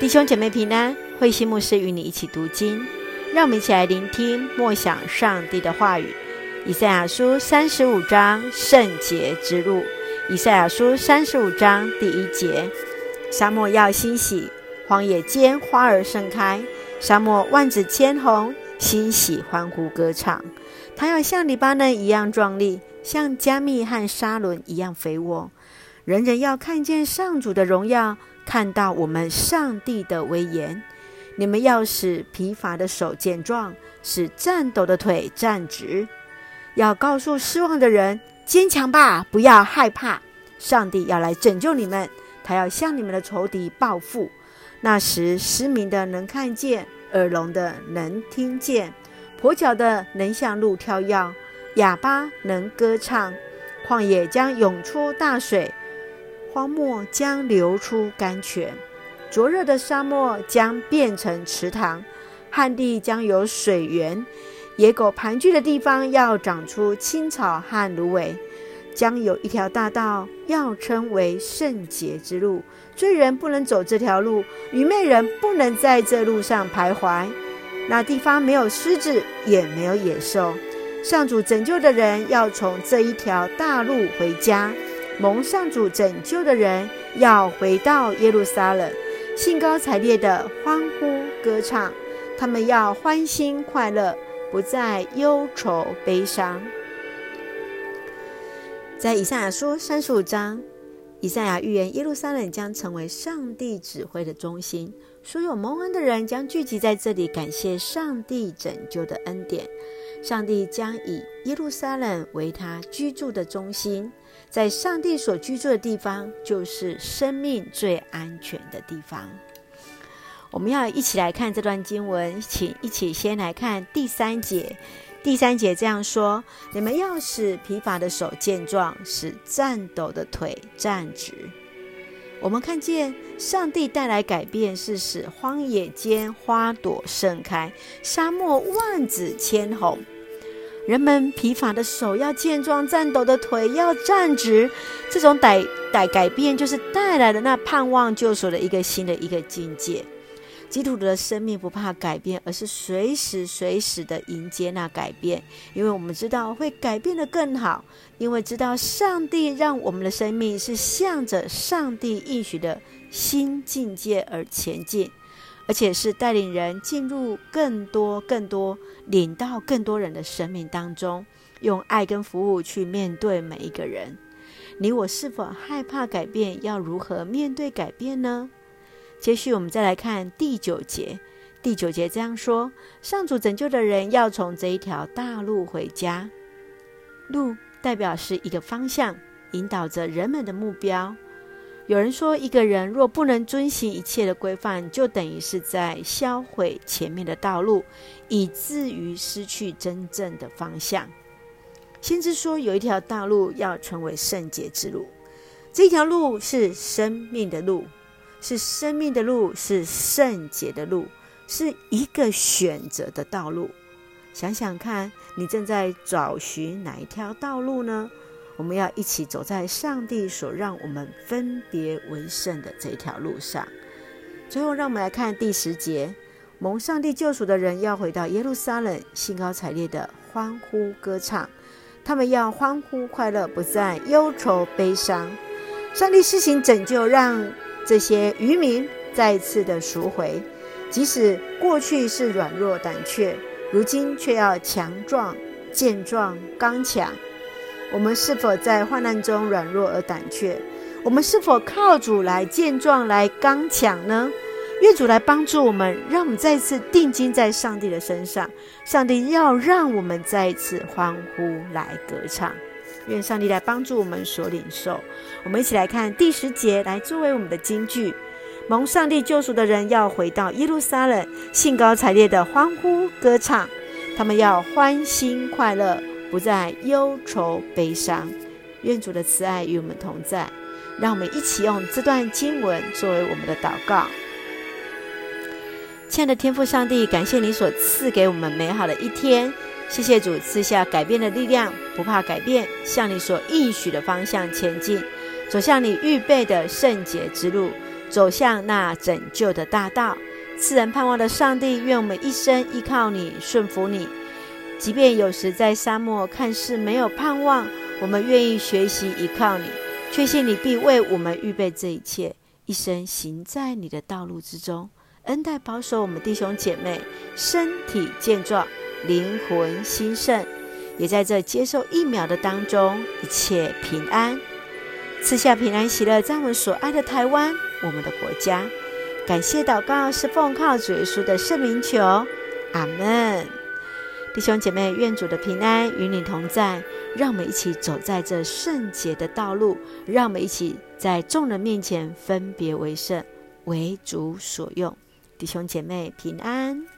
弟兄姐妹平安，慧馨牧師與你一起讀經，讓我們一起來聆聽默想上帝的話語。以賽亞書三十五章聖潔之路，以賽亞書三十五章第一節：沙漠要欣喜，荒野間花兒盛開，沙漠萬紫千紅，欣喜歡呼歌唱。它要像黎巴嫩一樣壯麗，像迦密和沙崙一樣肥沃，人人要看見上主的榮耀。看到我們上帝的威嚴，你們要使疲乏的手健壯，使顫抖的腿站直。要告訴失望的人：堅強吧，不要害怕！上帝要來拯救你們，他要向你們的仇敵報復。那時，失明的能看見，耳聾的能聽見，跛腳的能像鹿跳躍，啞巴能歌唱。曠野將湧出大水。荒漠將流出甘泉，灼熱的沙漠將變成池塘，旱地將有水源，野狗盤踞的地方要長出青草和蘆葦，將有一條大道，要稱為聖潔之路。罪人不能走這條路，愚昧人不能在這路上徘徊。那地方沒有獅子，也沒有野獸。上主拯救的人要從這一條大路回家。蒙上主拯救的人要回到耶路撒冷，興高采烈地歡呼歌唱，他們要歡欣快樂，不再憂愁悲傷。在以賽亞書三十五章，以賽亞預言耶路撒冷將成為上帝指揮的中心，所有蒙恩的人將聚集在這裡，感謝上帝拯救的恩典。上帝將以耶路撒冷為他居住的中心。在上帝所居住的地方，就是生命最安全的地方。我們要一起來看這段經文，請一起先來看第三節。第三節這樣說：“你們要使疲乏的手健壯，使顫抖的腿站直。”我們看見上帝帶來改變，是使荒野間花朵盛開，沙漠萬紫千紅。人們疲乏的手要健壯，顫抖的腿要站直。這種逮逮改變，就是帶來的那盼望救贖的一個新的一個境界。基督徒的生命不怕改變，而是隨時隨時的迎接那改變，因為我們知道會改變得更好，因為知道上帝讓我們的生命是向着上帝應許的新境界而前進。而且是帶領人進入更多、更多領到更多人的生命當中，用愛跟服務去面對每一個人。你我是否害怕改變？要如何面對改變呢？接續我們再來看第九節。第九節這樣說：上主拯救的人要從這一條大路回家。路代表是一個方向，引導着人們的目標。有人說，一個人若不能遵循一切的規範，就等於是在銷毀前面的道路，以至於失去真正的方向。先知說，有一條道路要成為聖潔之路，這條路是生命的路，是生命的路，是聖潔的路，是一個選擇的道路。想想看，你正在找尋哪一條道路呢？我們要一起走在上帝所讓我們分別為聖的這條路上。最後，讓我們來看第十節：蒙上帝救贖的人要回到耶路撒冷，興高采烈的歡呼歌唱，他們要歡呼快樂不，不再憂愁悲傷。上帝施行拯救，讓這些贖民再次的贖回，即使過去是軟弱膽怯，如今卻要強壯、健壯、剛強。我們是否在患難中軟弱而膽怯？我們是否靠主來健壯、來剛強呢？願主來幫助我們，讓我們再一次定睛在上帝的身上。上帝要讓我們再一次歡呼來歌唱，願上帝來幫助我們所領受。我們一起來看第十節，來作為我們的金句。蒙上帝救贖的人要回到耶路撒冷，興高采烈的歡呼歌唱，他們要歡欣快樂，不再憂愁悲傷，願主的慈愛與我們同在。讓我們一起用這段經文作為我們的禱告。親愛的天父上帝，感謝你所賜給我們美好的一天。謝謝主賜下改變的力量，不怕改變，向你所應許的方向前進，走向你預備的聖潔之路，走向那拯救的大道。賜人盼望的上帝，願我們一生依靠你，順服你。即便有時在沙漠，看似沒有盼望，我們願意學習依靠你，確信你必為我們預備這一切。一生行在你的道路之中，恩待保守我們弟兄姐妹，身體健壯，靈魂興盛。也在這接受疫苗的當中，一切平安。賜下平安喜樂，在我們所愛的台灣，我們的國家。感謝禱告是奉靠主耶穌的聖名求，阿門。弟兄姐妹，願主的平安與你同在。讓我們一起走在這聖潔的道路，讓我們一起在眾人面前分別為聖，為主所用。弟兄姐妹，平安。